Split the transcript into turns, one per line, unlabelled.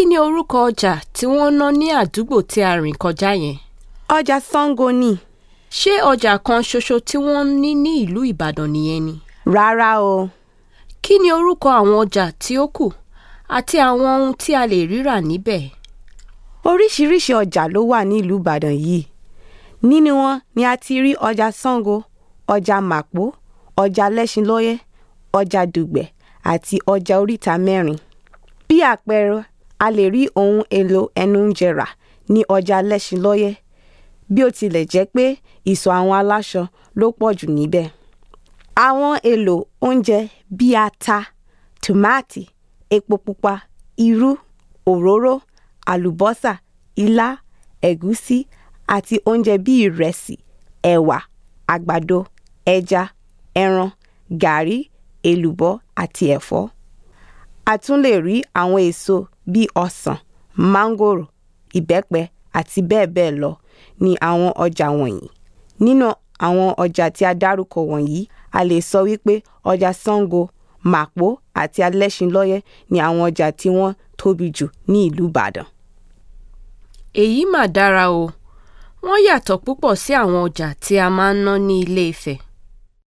kí ni orúkọ ọjà tí wọ́n ná ní àdúgbò tí a rìn kọjá yẹn? ọjà Ṣàngó ni. ṣé ọjà kan ṣoṣo tí wọ́n ní ní ìlú Ìbàdàn nìyẹn ni? rárá o. kí ni orúkọ àwọn ọjà tí ó kù àti àwọn ohun tí a lè
ríra níbẹ̀? oríṣiríṣi ọjà ló wà ní ìlú Ìbàdàn yìí nínú wọn ni a ti rí ọjà Ṣàngó ọjà Màpó ọjà Lẹ́ṣinlọ́yẹ́ ọjà Dùgbẹ̀ àti ọjà Oríta Mẹ́rin bí àpẹẹrẹ A lè rí ohun èlò ẹnu-oúnjẹ rà ní ọjà Lẹ́ṣinlọ́yẹ́, bí ó tilẹ̀ jẹ́ pé ìsọ̀ àwọn aláṣọ ló pọ̀jù níbẹ̀. Àwọn èlò oúnjẹ bíi ata, tòmátì, epo pupa, irú, òróró, àlùbọ́sà, ilá, ẹ̀gúsí àti oúnjẹ bíi ìrẹsì, ẹ̀wà, àgbàdo, ẹja, ẹran, gàrí, èlùbọ́ àti ẹ̀fọ́. A tún lè rí àwọn èso bí ọsàn Mangoro, ìbẹ́pẹ àti bẹ́ẹ̀ bẹ́ẹ̀ lọ ni àwọn ọjà wọ̀nyí. Nínú àwọn ọjà tí a dárúkọ wọ̀nyí, a lè sọ wípé ọjà Sango, Màpó àti Alẹ́ṣinlọ́yẹ́ ni àwọn ọjà tí wọ́n tóbi jù ní ìlú Ìbàdàn.
Èyí mà dára o! Wọ́n yàtọ̀ púpọ̀ sí àwọn ọjà tí a máa ń ná ní Ilé-Ifẹ̀.